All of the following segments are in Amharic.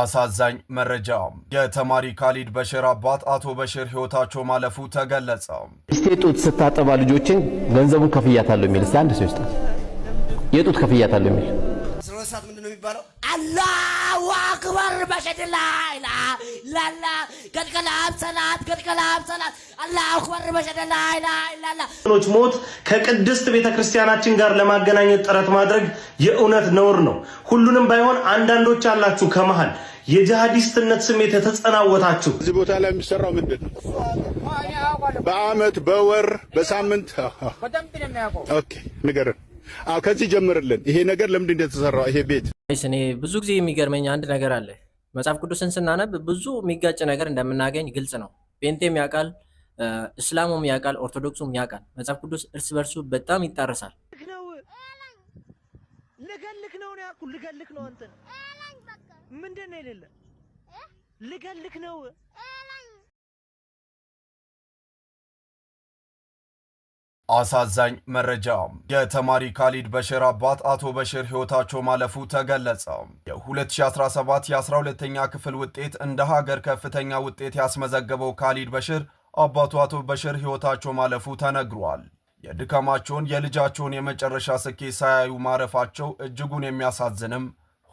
አሳዛኝ መረጃ የተማሪ ካሊድ በሽር አባት አቶ በሽር ህይወታቸው ማለፉ ተገለጸ። እስቴ ጡት ስታጠባ ልጆችን ገንዘቡን ከፍያታለሁ የሚል እስቲ አንድ ሰው ይስጣት የጡት ከፍያታለሁ የሚል ሰዓት ምንድን ነው የሚባለው? አላሁ አክበር በሸድላ ላ ላላ ገድገላም ሰላት ገድገላም ሰላት አላሁ አክበር በሸድላ ላ ላላ ሞት ከቅድስት ቤተ ክርስቲያናችን ጋር ለማገናኘት ጥረት ማድረግ የእውነት ነውር ነው። ሁሉንም ባይሆን አንዳንዶች አላችሁ ከመሃል የጂሃዲስትነት ስሜት የተጸናወታችሁ እዚህ ቦታ ላይ የሚሰራው ምንድን ነው? በአመት በወር በሳምንት ኦኬ ንገርን ከዚህ ጀምርልን። ይሄ ነገር ለምንድን እንደተሰራው ይሄ ቤት እኔ ብዙ ጊዜ የሚገርመኝ አንድ ነገር አለ። መጽሐፍ ቅዱስን ስናነብ ብዙ የሚጋጭ ነገር እንደምናገኝ ግልጽ ነው። ጴንቴም ያውቃል፣ እስላሙም ያውቃል፣ ኦርቶዶክሱም ያውቃል። መጽሐፍ ቅዱስ እርስ በርሱ በጣም ይጣረሳል። ልገልክ ነው ነው ያልኩህ። ልገልክ ነው አንተ ምንድን ነው የሌለ ልገልክ ነው አሳዛኝ መረጃ የተማሪ ካሊድ በሽር አባት አቶ በሽር ህይወታቸው ማለፉ ተገለጸ። የ2017 የ12ኛ ክፍል ውጤት እንደ ሀገር ከፍተኛ ውጤት ያስመዘገበው ካሊድ በሽር አባቱ አቶ በሽር ህይወታቸው ማለፉ ተነግሯል። የድካማቸውን የልጃቸውን የመጨረሻ ስኬት ሳያዩ ማረፋቸው እጅጉን የሚያሳዝንም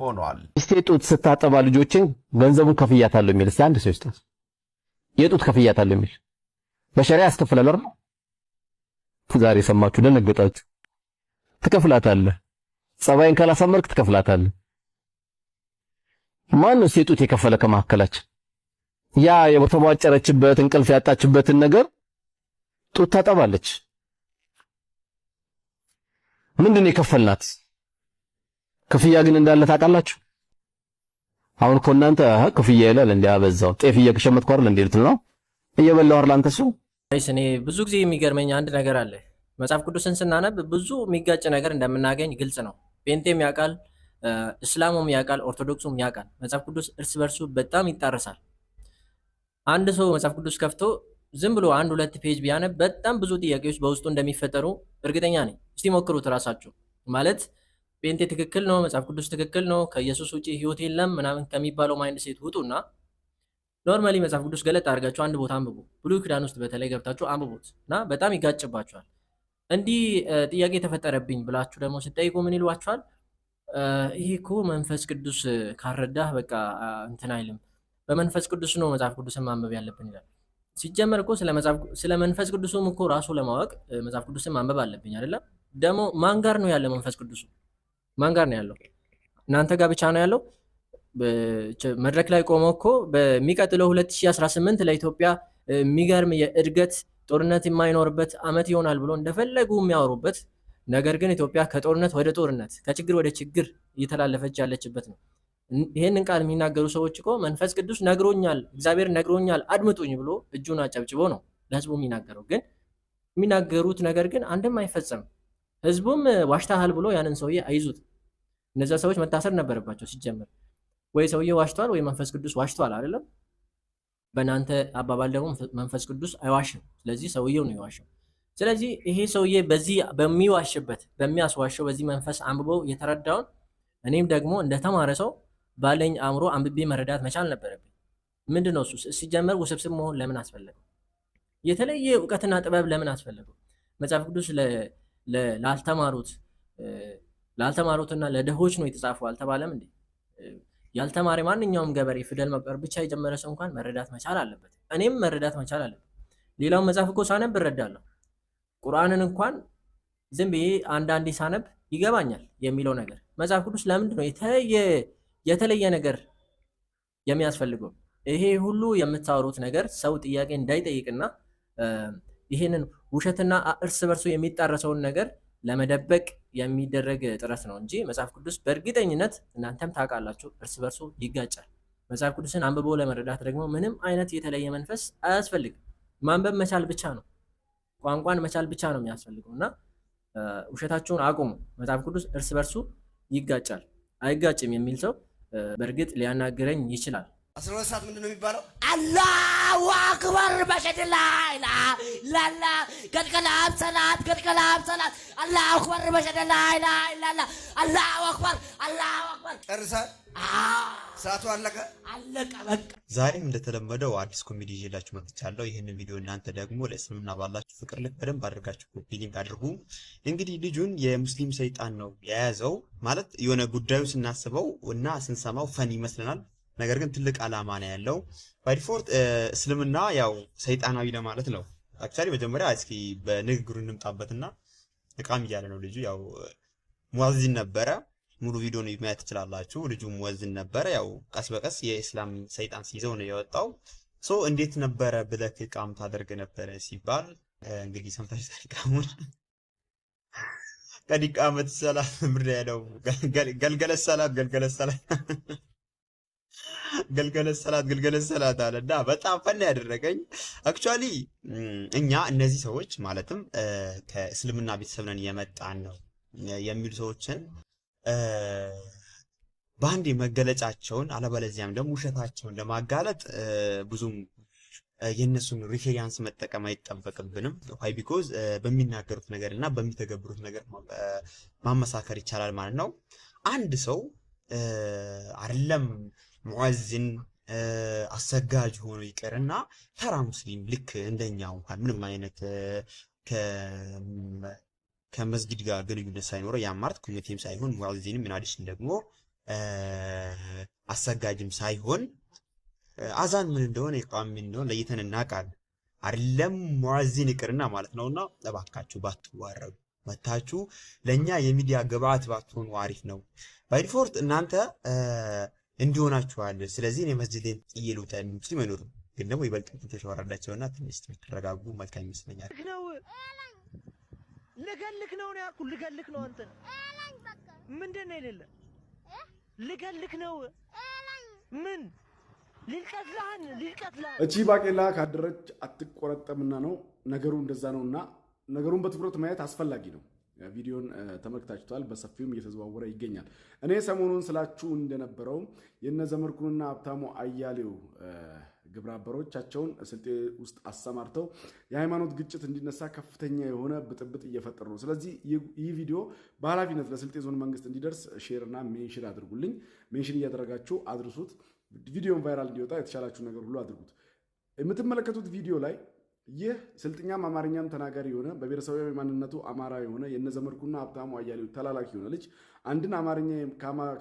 ሆኗል። እስቴ ጡት ስታጠባ ልጆችን ገንዘቡን ከፍያታለሁ የሚል እስቲ አንድ ሰው የጡት ከፍያታለሁ የሚል በሸሪያ ያስከፍላል ዛሬ ሰማችሁ፣ ደነገጣችሁ። ትከፍላታለህ። ጸባይን ካላሳመርክ ትከፍላታለህ። ማን ነው ሴጡት የከፈለ ከመካከላችን? ያ የተቧጨረችበት እንቅልፍ ያጣችበትን ነገር ጡት ታጠባለች። ምንድን ነው የከፈልናት? ክፍያ ግን እንዳለ ታውቃላችሁ። አሁን እኮ እናንተ ክፍያ ይላል እንዴ? አበዛው ጤፍ እየሸመትኩ አይደል እንዴ ልትል ነው። እየበላሁ አይደል አንተ ሰው ይስ እኔ ብዙ ጊዜ የሚገርመኝ አንድ ነገር አለ። መጽሐፍ ቅዱስን ስናነብ ብዙ የሚጋጭ ነገር እንደምናገኝ ግልጽ ነው። ጴንጤም ያውቃል፣ እስላሙም ያውቃል፣ ኦርቶዶክሱም ያውቃል። መጽሐፍ ቅዱስ እርስ በርሱ በጣም ይጣረሳል። አንድ ሰው መጽሐፍ ቅዱስ ከፍቶ ዝም ብሎ አንድ ሁለት ፔጅ ቢያነብ በጣም ብዙ ጥያቄዎች በውስጡ እንደሚፈጠሩ እርግጠኛ ነኝ። እስቲ ሞክሩት እራሳችሁ። ማለት ጴንጤ ትክክል ነው፣ መጽሐፍ ቅዱስ ትክክል ነው፣ ከኢየሱስ ውጭ ህይወት የለም ምናምን ከሚባለው ማይንድ ሴት ውጡና ኖርማሊ መጽሐፍ ቅዱስ ገለጥ አድርጋችሁ አንድ ቦታ አንብቡ። ብሉይ ኪዳን ውስጥ በተለይ ገብታችሁ አንብቡት እና በጣም ይጋጭባችኋል። እንዲህ ጥያቄ ተፈጠረብኝ ብላችሁ ደግሞ ስጠይቁ ምን ይሏችኋል? ይሄ እኮ መንፈስ ቅዱስ ካረዳህ በቃ እንትን አይልም፣ በመንፈስ ቅዱስ ነው መጽሐፍ ቅዱስን ማንበብ ያለብን ይላል። ሲጀመር እኮ ስለ መንፈስ ቅዱሱም እኮ ራሱ ለማወቅ መጽሐፍ ቅዱስን ማንበብ አለብኝ አይደለም። ደግሞ ማን ጋር ነው ያለው? መንፈስ ቅዱሱ ማን ጋር ነው ያለው? እናንተ ጋር ብቻ ነው ያለው? መድረክ ላይ ቆመው እኮ በሚቀጥለው 2018 ለኢትዮጵያ የሚገርም የእድገት ጦርነት የማይኖርበት አመት ይሆናል ብሎ እንደፈለጉ የሚያወሩበት ነገር ግን ኢትዮጵያ ከጦርነት ወደ ጦርነት ከችግር ወደ ችግር እየተላለፈች ያለችበት ነው። ይህንን ቃል የሚናገሩ ሰዎች እኮ መንፈስ ቅዱስ ነግሮኛል፣ እግዚአብሔር ነግሮኛል፣ አድምጡኝ ብሎ እጁን አጨብጭቦ ነው ለህዝቡ የሚናገረው። ግን የሚናገሩት ነገር ግን አንድም አይፈጸም። ህዝቡም ዋሽታሃል ብሎ ያንን ሰውዬ አይዙት። እነዚያ ሰዎች መታሰር ነበረባቸው ሲጀምር ወይ ሰውዬ ዋሽቷል ወይ መንፈስ ቅዱስ ዋሽቷል አይደለም በእናንተ አባባል ደግሞ መንፈስ ቅዱስ አይዋሽም ስለዚህ ሰውዬው ነው የዋሸው ስለዚህ ይሄ ሰውዬ በዚህ በሚዋሽበት በሚያስዋሸው በዚህ መንፈስ አንብቦ የተረዳውን እኔም ደግሞ እንደተማረ ሰው ባለኝ አእምሮ አንብቤ መረዳት መቻል ነበረብኝ ምንድን ነው እሱ ሲጀመር ውስብስብ መሆን ለምን አስፈለገው የተለየ እውቀትና ጥበብ ለምን አስፈለገው መጽሐፍ ቅዱስ ላልተማሩት ላልተማሩትና ለደሆች ነው የተጻፈው አልተባለም እንዴ ያልተማረ ማንኛውም ገበሬ ፊደል መቁጠር ብቻ የጀመረ ሰው እንኳን መረዳት መቻል አለበት። እኔም መረዳት መቻል አለበት። ሌላው መጽሐፍ እኮ ሳነብ እረዳለሁ። ቁርአንን እንኳን ዝም ብዬ አንዳንዴ ሳነብ ይገባኛል የሚለው ነገር መጽሐፍ ቅዱስ ለምንድን ነው የተለየ ነገር የሚያስፈልገው? ይሄ ሁሉ የምታወሩት ነገር ሰው ጥያቄ እንዳይጠይቅና ይህንን ውሸትና እርስ በርሱ የሚጣረሰውን ነገር ለመደበቅ የሚደረግ ጥረት ነው እንጂ መጽሐፍ ቅዱስ በእርግጠኝነት እናንተም ታውቃላችሁ፣ እርስ በርሱ ይጋጫል። መጽሐፍ ቅዱስን አንብቦ ለመረዳት ደግሞ ምንም አይነት የተለየ መንፈስ አያስፈልግም። ማንበብ መቻል ብቻ ነው፣ ቋንቋን መቻል ብቻ ነው የሚያስፈልገው እና ውሸታችሁን አቁሙ። መጽሐፍ ቅዱስ እርስ በርሱ ይጋጫል። አይጋጭም የሚል ሰው በእርግጥ ሊያናግረኝ ይችላል። አስራ ሁለት ሰዓት ምንድን ነው የሚባለው? አላሁ አክበር በሸድላ ላላ ቀድቀላም ሰላት ቀድቀላም ሰላት አላሁ አክበር በሸድላ ላላ አላሁ አክበር አላሁ አክበር። ጨርሰህ ሰዓቱ አለቀ አለቀ በቃ። ዛሬም እንደተለመደው አዲስ ኮሜዲ ይዤላችሁ መጥቻለሁ። ይህን ቪዲዮ እናንተ ደግሞ ለእስልምና ባላችሁ ፍቅር ልክ በደንብ አድርጋችሁ ኮፒ ሊንክ አድርጉ። እንግዲህ ልጁን የሙስሊም ሰይጣን ነው የያዘው ማለት የሆነ ጉዳዩ ስናስበው እና ስንሰማው ፈን ይመስለናል ነገር ግን ትልቅ ዓላማ ነው ያለው። ባይዲፎርት እስልምና ያው ሰይጣናዊ ለማለት ነው። አክቹዋሊ መጀመሪያ እስኪ በንግግሩ እንምጣበትና እቃም እያለ ነው ልጁ። ያው ሙዋዚን ነበረ። ሙሉ ቪዲዮ ነው ማየት ትችላላችሁ። ልጁ ሙዋዚን ነበረ። ያው ቀስ በቀስ የእስላም ሰይጣን ሲይዘው ነው የወጣው። ሶ እንዴት ነበረ ብለክ እቃም ታደርግ ነበረ ሲባል እንግዲህ ሰምታች ታሪቃሙን ቀዲቃመት ሰላት ምር ያለው ገልገለ ሰላት ገልገለ ሰላት ግልገለ ሰላት ግልገለ ሰላት አለ እና በጣም ፈን ያደረገኝ አክቹአሊ እኛ እነዚህ ሰዎች ማለትም ከእስልምና ቤተሰብ ነን የመጣን ነው የሚሉ ሰዎችን በአንድ መገለጫቸውን አለበለዚያም ደግሞ ውሸታቸውን ለማጋለጥ ብዙም የእነሱን ሪፌሪያንስ መጠቀም አይጠበቅብንም። ይ ቢኮዝ በሚናገሩት ነገር እና በሚተገብሩት ነገር ማመሳከር ይቻላል ማለት ነው። አንድ ሰው አይደለም ሙዓዝን አሰጋጅ ሆኖ ይቅርና ተራ ሙስሊም ልክ እንደኛ እንኳን ምንም አይነት ከመስጊድ ጋር ግንኙነት ሳይኖረው ያም ኩኝቴም ሳይሆን ሙዓዚንም ምናዲስም ደግሞ አሰጋጅም ሳይሆን አዛን ምን እንደሆነ ይቃም ምን እንደሆነ ለይተን እናቃል አይደለም ሙዓዚን ይቅርና ማለት ነውና እባካችሁ ባትዋረዱ መታችሁ ለእኛ የሚዲያ ግብአት ባትሆኑ አሪፍ ነው። ባይዲፎርት እናንተ እንዲሆናችኋል። ስለዚህ እኔ መስጅዴን ጥዬ ልውጣ የሚሉ ይመኖሩ ግን ደግሞ ይበልጥ ተሸወራላቸውና ትንሽ ትረጋጉ መልካም ይመስለኛል። ልገልክ ነው ነው ያልኩ ልገልክ ነው አንተን። ምንድን ነው የሌለ ልገልክ ነው ምን ሊልቀትልህን ሊልቀትልህን። እቺ ባቄላ ካደረች አትቆረጠምና ነው ነገሩ እንደዛ ነውና ነገሩን በትኩረት ማየት አስፈላጊ ነው። ቪዲዮን ተመልክታችኋል። በሰፊውም እየተዘዋወረ ይገኛል። እኔ ሰሞኑን ስላችሁ እንደነበረው የነ ዘመድኩንና ሀብታሙ አያሌው ግብረ አበሮቻቸውን ስልጤ ውስጥ አሰማርተው የሃይማኖት ግጭት እንዲነሳ ከፍተኛ የሆነ ብጥብጥ እየፈጠሩ ነው። ስለዚህ ይህ ቪዲዮ በኃላፊነት ለስልጤ ዞን መንግስት እንዲደርስ ሼርና ሜንሽን አድርጉልኝ። ሜንሽን እያደረጋችሁ አድርሱት። ቪዲዮን ቫይራል እንዲወጣ የተሻላችሁ ነገር ሁሉ አድርጉት። የምትመለከቱት ቪዲዮ ላይ ይህ ስልጥኛም አማርኛም ተናጋሪ የሆነ በብሔረሰባዊ ማንነቱ አማራ የሆነ የነዘመድኩና ሀብታሙ አያሌው ተላላኪ የሆነ ልጅ አንድን አማርኛ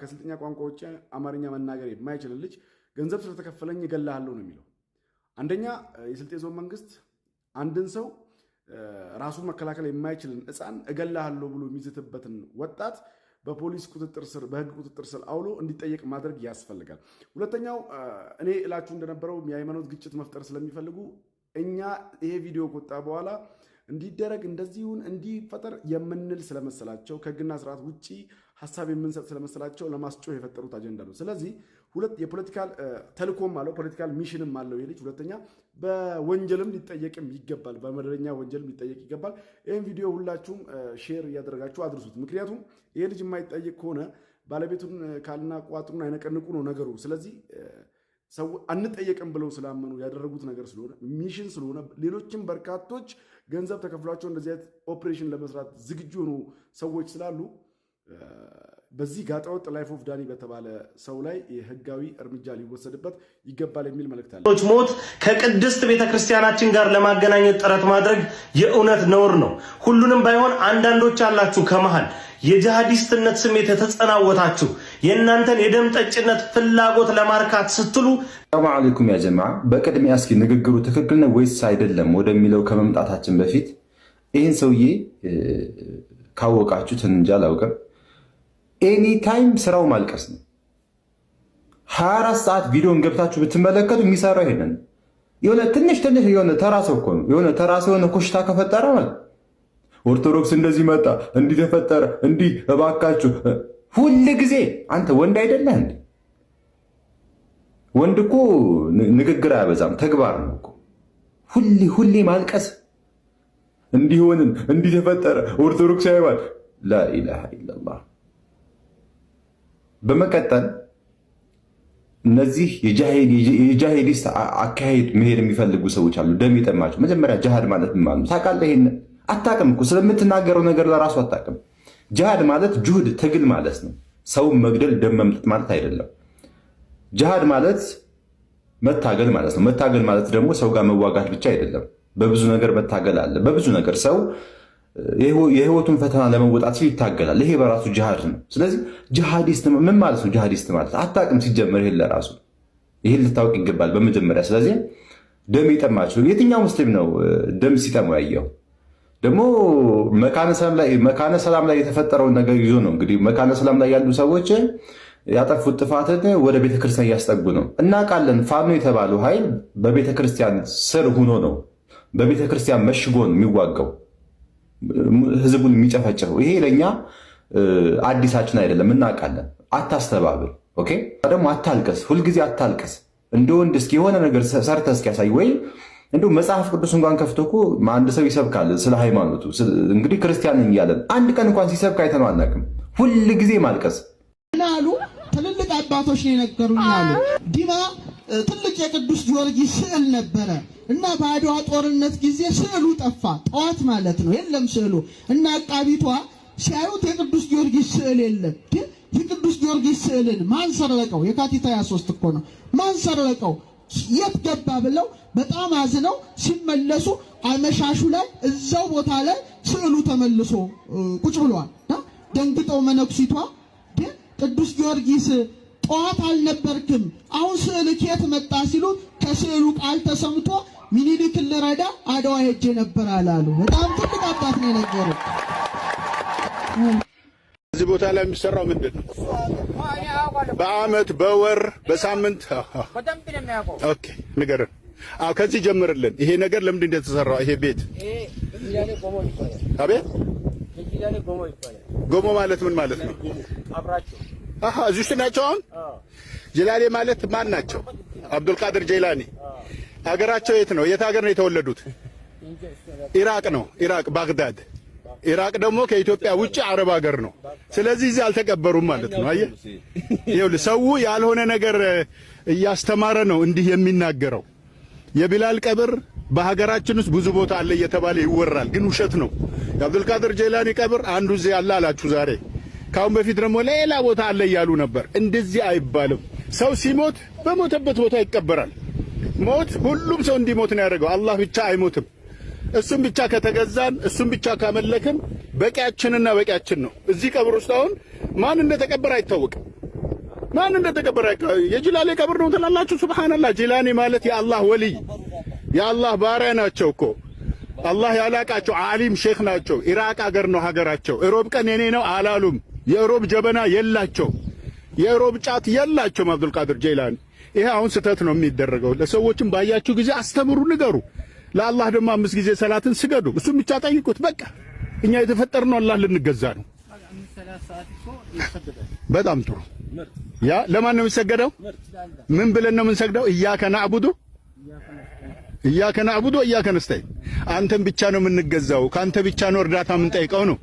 ከስልጥኛ ቋንቋ ውጭ አማርኛ መናገር የማይችል ልጅ ገንዘብ ስለተከፈለኝ እገልሃለሁ ነው የሚለው። አንደኛ የስልጤ ዞን መንግስት አንድን ሰው ራሱን መከላከል የማይችልን ሕፃን እገልሃለሁ ብሎ የሚዝትበትን ወጣት በፖሊስ ቁጥጥር ስር በህግ ቁጥጥር ስር አውሎ እንዲጠየቅ ማድረግ ያስፈልጋል። ሁለተኛው እኔ እላችሁ እንደነበረው የሃይማኖት ግጭት መፍጠር ስለሚፈልጉ እኛ ይሄ ቪዲዮ ከወጣ በኋላ እንዲደረግ እንደዚሁን እንዲፈጠር የምንል ስለመሰላቸው ከህግና ስርዓት ውጭ ሀሳብ የምንሰጥ ስለመሰላቸው ለማስጮህ የፈጠሩት አጀንዳ ነው። ስለዚህ ሁለት የፖለቲካል ቴሌኮም አለው ፖለቲካል ሚሽንም አለው ይህ ልጅ። ሁለተኛ በወንጀልም ሊጠየቅም ይገባል፣ በመደበኛ ወንጀልም ሊጠየቅ ይገባል። ይህን ቪዲዮ ሁላችሁም ሼር እያደረጋችሁ አድርሱት። ምክንያቱም ይህ ልጅ የማይጠየቅ ከሆነ ባለቤቱን ካልና ቋጥሩን አይነቀንቁ ነው ነገሩ። ስለዚህ ሰው አንጠየቅም ብለው ስላመኑ ያደረጉት ነገር ስለሆነ ሚሽን ስለሆነ ሌሎችም በርካቶች ገንዘብ ተከፍሏቸው እንደዚህ አይነት ኦፕሬሽን ለመስራት ዝግጁ የሆኑ ሰዎች ስላሉ በዚህ ጋጠወጥ ላይፍ ኦፍ ዳኒ በተባለ ሰው ላይ የህጋዊ እርምጃ ሊወሰድበት ይገባል የሚል መልእክት አለ። ሞት ከቅድስት ቤተ ክርስቲያናችን ጋር ለማገናኘት ጥረት ማድረግ የእውነት ነውር ነው። ሁሉንም ባይሆን አንዳንዶች አላችሁ ከመሃል የጂሃዲስትነት ስሜት የተጸናወታችሁ የእናንተን የደም ጠጭነት ፍላጎት ለማርካት ስትሉ። ሰላሙ አለይኩም ያ ጀማ። በቅድሚያ እስኪ ንግግሩ ትክክል ነው ወይስ አይደለም ወደሚለው ከመምጣታችን በፊት ይህን ሰውዬ ካወቃችሁ እንጃ አላውቅም። ኤኒታይም ስራው ማልቀስ ነው። 24 ሰዓት ቪዲዮን ገብታችሁ ብትመለከቱ የሚሰራው ይሄንን የሆነ ትንሽ ትንሽ የሆነ ተራ ሰው እኮ ነው። የሆነ ተራ ሰው የሆነ ኮሽታ ከፈጠረ ማለት ኦርቶዶክስ እንደዚህ መጣ እንዲህ ተፈጠረ እንዲህ እባካችሁ ሁል ጊዜ አንተ ወንድ አይደለህ እንዴ? ወንድ እኮ ንግግር አያበዛም፣ ተግባር ነው እኮ። ሁሌ ሁሌ ማልቀስ እንዲሆንን እንዲህ ኦርቶዶክስ ያይባል። ላኢላሃ ኢለላህ። በመቀጠል እነዚህ የጃሄሊስት አካሄድ መሄድ የሚፈልጉ ሰዎች አሉ፣ ደም ይጠማቸው። መጀመሪያ ጃሃድ ማለት ምን ማለት ነው ታውቃለህ? ይሄን አታውቅም እኮ ስለምትናገረው ነገር ለራሱ አታውቅም። ጅሃድ ማለት ጁህድ ትግል ማለት ነው። ሰውን መግደል ደም መምጠጥ ማለት አይደለም። ጅሃድ ማለት መታገል ማለት ነው። መታገል ማለት ደግሞ ሰው ጋር መዋጋት ብቻ አይደለም። በብዙ ነገር መታገል አለ። በብዙ ነገር ሰው የህይወቱን ፈተና ለመወጣት ሲል ይታገላል። ይሄ በራሱ ጅሃድ ነው። ስለዚህ ጅሃዲስት ምን ማለት ነው? ጅሃዲስት ማለት አታውቅም ሲጀመር። ይሄን ለራሱ ይህን ልታውቅ ይገባል በመጀመሪያ። ስለዚህ ደም የጠማችሁ የትኛው ሙስሊም ነው ደም ሲጠማው ያየው? ደግሞ መካነ ሰላም ላይ የተፈጠረውን ነገር ይዞ ነው እንግዲህ መካነ ሰላም ላይ ያሉ ሰዎች ያጠፉት ጥፋትን ወደ ቤተክርስቲያን እያስጠጉ ነው። እናውቃለን። ፋኖ የተባለው ኃይል በቤተክርስቲያን ስር ሁኖ ነው በቤተክርስቲያን መሽጎን ነው የሚዋጋው ህዝቡን የሚጨፈጨፈው። ይሄ ለእኛ አዲሳችን አይደለም፣ እናውቃለን። አታስተባብል፣ ደግሞ አታልቀስ፣ ሁልጊዜ አታልቀስ። እንደ ወንድ እስኪ የሆነ ነገር ሰርተ እስኪያሳይ ወይ እንዲሁ መጽሐፍ ቅዱስ እንኳን ከፍቶ እኮ አንድ ሰው ይሰብካል ስለ ሃይማኖቱ። እንግዲህ ክርስቲያን እያለን አንድ ቀን እንኳን ሲሰብክ አይተነው አናውቅም። ሁል ጊዜ ማልቀስ ሉ ትልልቅ አባቶች ነው የነገሩኝ አሉ። ዲማ ትልቅ የቅዱስ ጊዮርጊስ ስዕል ነበረ እና በአድዋ ጦርነት ጊዜ ስዕሉ ጠፋ። ጠዋት ማለት ነው የለም ስዕሉ እና አቃቢቷ ሲያዩት የቅዱስ ጊዮርጊስ ስዕል የለም። ግን የቅዱስ ጊዮርጊስ ስዕልን ማን ሰረቀው? የካቲት ሃያ እኮ ነው ማን ሰረቀው? የት ገባ ብለው በጣም አዝነው ሲመለሱ አመሻሹ ላይ እዛው ቦታ ላይ ስዕሉ ተመልሶ ቁጭ ብሏል። ደንግጠው መነኩሲቷ ግን ቅዱስ ጊዮርጊስ ጠዋት አልነበርክም አሁን ስዕል ከየት መጣ ሲሉ ከስዕሉ ቃል ተሰምቶ ሚኒሊክን ልረዳ አድዋ ሄጄ ነበር አላሉ። በጣም ትልቅ አባት ነው የነገሩ። እዚህ ቦታ ላይ የሚሰራው ምንድን ነው? በአመት በወር በሳምንት ኦኬ፣ ንገረን። አዎ ከዚህ ጀምርልን። ይሄ ነገር ለምንድን እንደተሰራው ይሄ ቤት አቤት፣ ጎሞ ማለት ምን ማለት ነው? አሃ እዚህ ውስጥ ናቸው። አሁን ጀላሌ ማለት ማን ናቸው? አብዱልቃድር ጀላኒ። አገራቸው የት ነው? የት ሀገር ነው የተወለዱት? ኢራቅ ነው። ኢራቅ ባግዳድ ኢራቅ ደግሞ ከኢትዮጵያ ውጭ አረብ ሀገር ነው። ስለዚህ እዚህ አልተቀበሩም ማለት ነው። አየህ ይኸውልህ፣ ሰው ያልሆነ ነገር እያስተማረ ነው እንዲህ የሚናገረው። የቢላል ቀብር በሀገራችን ውስጥ ብዙ ቦታ አለ እየተባለ ይወራል፣ ግን ውሸት ነው። የአብዱልቃድር ጀላኒ ቀብር አንዱ እዚህ አለ አላችሁ ዛሬ። ከአሁን በፊት ደግሞ ሌላ ቦታ አለ እያሉ ነበር። እንደዚህ አይባልም። ሰው ሲሞት በሞተበት ቦታ ይቀበራል። ሞት ሁሉም ሰው እንዲሞት ነው ያደረገው። አላህ ብቻ አይሞትም። እሱም ብቻ ከተገዛን እሱም ብቻ ካመለክን በቂያችንና በቂያችን ነው። እዚህ ቀብር ውስጥ አሁን ማን እንደተቀበረ አይታወቅም። ማን እንደተቀበረ የጅላሌ ቀብር ነው ትላላችሁ። ሱብሃንአላህ ጅላኒ ማለት የአላህ ወልይ የአላህ ባሪያ ናቸው እኮ አላህ ያላቃቸው ዓሊም ሼክ ናቸው። ኢራቅ አገር ነው ሀገራቸው። እሮብ ቀን የኔ ነው አላሉም። የእሮብ ጀበና የላቸው፣ የእሮብ ጫት የላቸው አብዱልቃድር ጀይላኒ ይሄ አሁን ስህተት ነው የሚደረገው። ለሰዎችም ባያችሁ ጊዜ አስተምሩ፣ ንገሩ። ለአላህ ደግሞ አምስት ጊዜ ሰላትን ስገዱ። እሱም ብቻ ጠይቁት። በቃ እኛ የተፈጠርነው አላህ ልንገዛ ነው። በጣም ጥሩ። ያ ለማን ነው የሚሰገደው? ምን ብለን ነው የምንሰግደው? እያከ ናዕቡዱ እያከ ናዕቡዱ እያከ ነስተዒን፣ አንተን ብቻ ነው የምንገዛው፣ ከአንተ ብቻ ነው እርዳታ የምንጠይቀው ነው።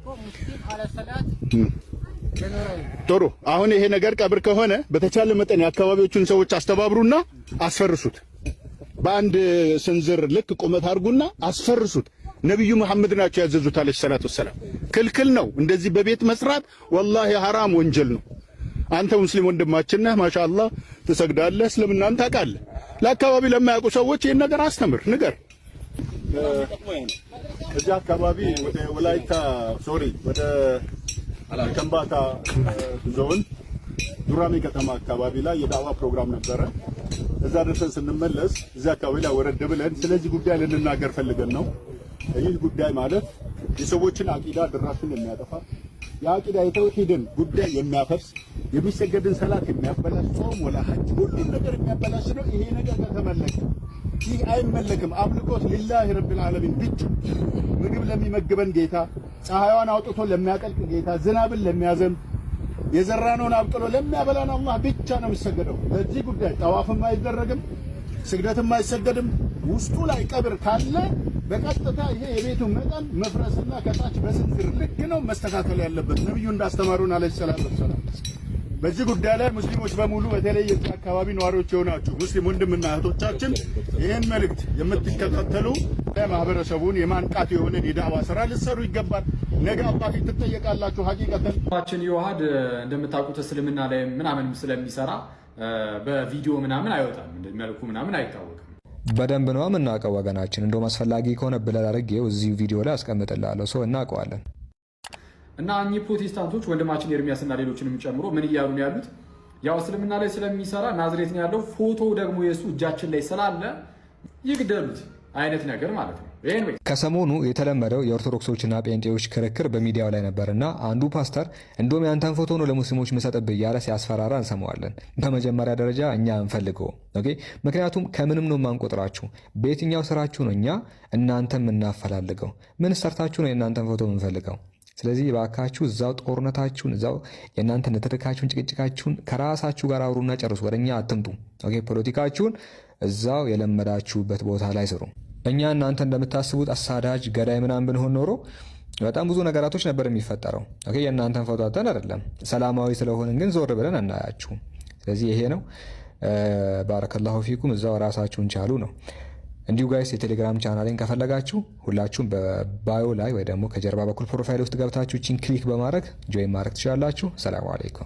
ጥሩ። አሁን ይሄ ነገር ቀብር ከሆነ በተቻለ መጠን የአካባቢዎቹን ሰዎች አስተባብሩና አስፈርሱት። በአንድ ስንዝር ልክ ቁመት አድርጉና አስፈርሱት። ነቢዩ መሐመድ ናቸው ያዘዙት አለ ሰላቱ ወሰላም። ክልክል ነው እንደዚህ በቤት መስራት፣ ወላሂ ሐራም ወንጀል ነው። አንተ ሙስሊም ወንድማችን ነህ፣ ማሻአላህ ትሰግዳለህ፣ እስልምናን ታውቃለህ። ለአካባቢ ለማያውቁ ሰዎች ይህን ነገር አስተምር፣ ንገር። እዚህ አካባቢ ወደ ወላይታ ሶሪ ወደ ከምባታ ዞን ዱራሜ ከተማ አካባቢ ላይ የዳዋ ፕሮግራም ነበረ። እዛ ደርሰን ስንመለስ እዚህ አካባቢ ላይ ወረድ ብለን ስለዚህ ጉዳይ ልንናገር ፈልገን ነው። ይህ ጉዳይ ማለት የሰዎችን አቂዳ ድራሹን የሚያጠፋ የአቂዳ የተውሂድን ጉዳይ የሚያፈርስ የሚሰገድን ሰላት የሚያበላሽ ጾም ወላ ሀጅ ሁሉም ነገር የሚያበላሽ ነው። ይሄ ነገር ከተመለከ ይህ አይመለክም። አምልኮት ሊላሂ ረብል ዓለሚን ብቻ ምግብ ለሚመግበን ጌታ፣ ፀሐይዋን አውጥቶ ለሚያጠልቅ ጌታ፣ ዝናብን ለሚያዘንብ የዘራነውን አብቅሎ ለሚያበላን አላህ ብቻ ነው የሚሰገደው። ለዚህ ጉዳይ ጠዋፍም አይደረግም፣ ስግደትም አይሰገድም። ውስጡ ላይ ቀብር ካለ በቀጥታ ይሄ የቤቱ መጠን መፍረስና ከታች በስንዝር ልክ ነው መስተካከል ያለበት ነብዩ እንዳስተማሩን አለይሂ ሰላቱ ወሰላም። በዚህ ጉዳይ ላይ ሙስሊሞች በሙሉ በተለይ የዚህ አካባቢ ነዋሪዎች የሆናችሁ ሙስሊም ወንድምና እህቶቻችን ይህን መልእክት የምትከታተሉ ማህበረሰቡን የማንቃት የሆነ የዳዕዋ ስራ ልትሰሩ ይገባል። ነገ አባፊ ትጠየቃላችሁ። ሀቂቀትንችን ችን እንደምታውቁት እስልምና ላይ ምናምን ስለሚሰራ በቪዲዮ ምናምን አይወጣም፣ እንደሚያልኩ ምናምን አይታወቅም። በደንብ ነው የምናውቀው ወገናችን። እንደውም አስፈላጊ ከሆነ ብለል አድርጌው እዚሁ ቪዲዮ ላይ አስቀምጥላለሁ። ሰው እናውቀዋለን። እና እኚህ ፕሮቴስታንቶች ወንድማችን ኤርሚያስና ሌሎችንም ጨምሮ ምን እያሉ ነው ያሉት? ያው እስልምና ላይ ስለሚሰራ ናዝሬት ነው ያለው፣ ፎቶ ደግሞ የእሱ እጃችን ላይ ስላለ ይግደሉት አይነት ነገር ማለት ነው። ከሰሞኑ የተለመደው የኦርቶዶክሶችና ጴንጤዎች ክርክር በሚዲያው ላይ ነበርና አንዱ ፓስተር እንዲሁም ያንተን ፎቶ ነው ለሙስሊሞች መሰጥብ እያለ ሲያስፈራራ እንሰማዋለን። በመጀመሪያ ደረጃ እኛ እንፈልገው፣ ምክንያቱም ከምንም ነው ማንቆጥራችሁ። በየትኛው ስራችሁ ነው እኛ እናንተን የምናፈላልገው? ምን ሰርታችሁ ነው የእናንተን ፎቶ የምንፈልገው? ስለዚህ ባካችሁ እዛው ጦርነታችሁን እዛው የእናንተ ንትርካችሁን ጭቅጭቃችሁን ከራሳችሁ ጋር አውሩና ጨርሱ። ወደኛ አትምጡ። ፖለቲካችሁን እዛው የለመዳችሁበት ቦታ ላይ ስሩ። እኛ እናንተ እንደምታስቡት አሳዳጅ ገዳይ ምናምን ብንሆን ኖሮ በጣም ብዙ ነገራቶች ነበር የሚፈጠረው። ኦኬ የእናንተን ፈቷተን አይደለም፣ ሰላማዊ ስለሆንን ግን ዞር ብለን አናያችሁም። ስለዚህ ይሄ ነው። ባረከላሁ ፊኩም። እዛው ራሳችሁን ቻሉ ነው። እንዲሁ ጋይስ የቴሌግራም ቻናሌን ከፈለጋችሁ ሁላችሁም በባዮ ላይ ወይ ደግሞ ከጀርባ በኩል ፕሮፋይል ውስጥ ገብታችሁ ቺን ክሊክ በማድረግ ጆይን ማድረግ ትችላላችሁ። ሰላሙ አለይኩም።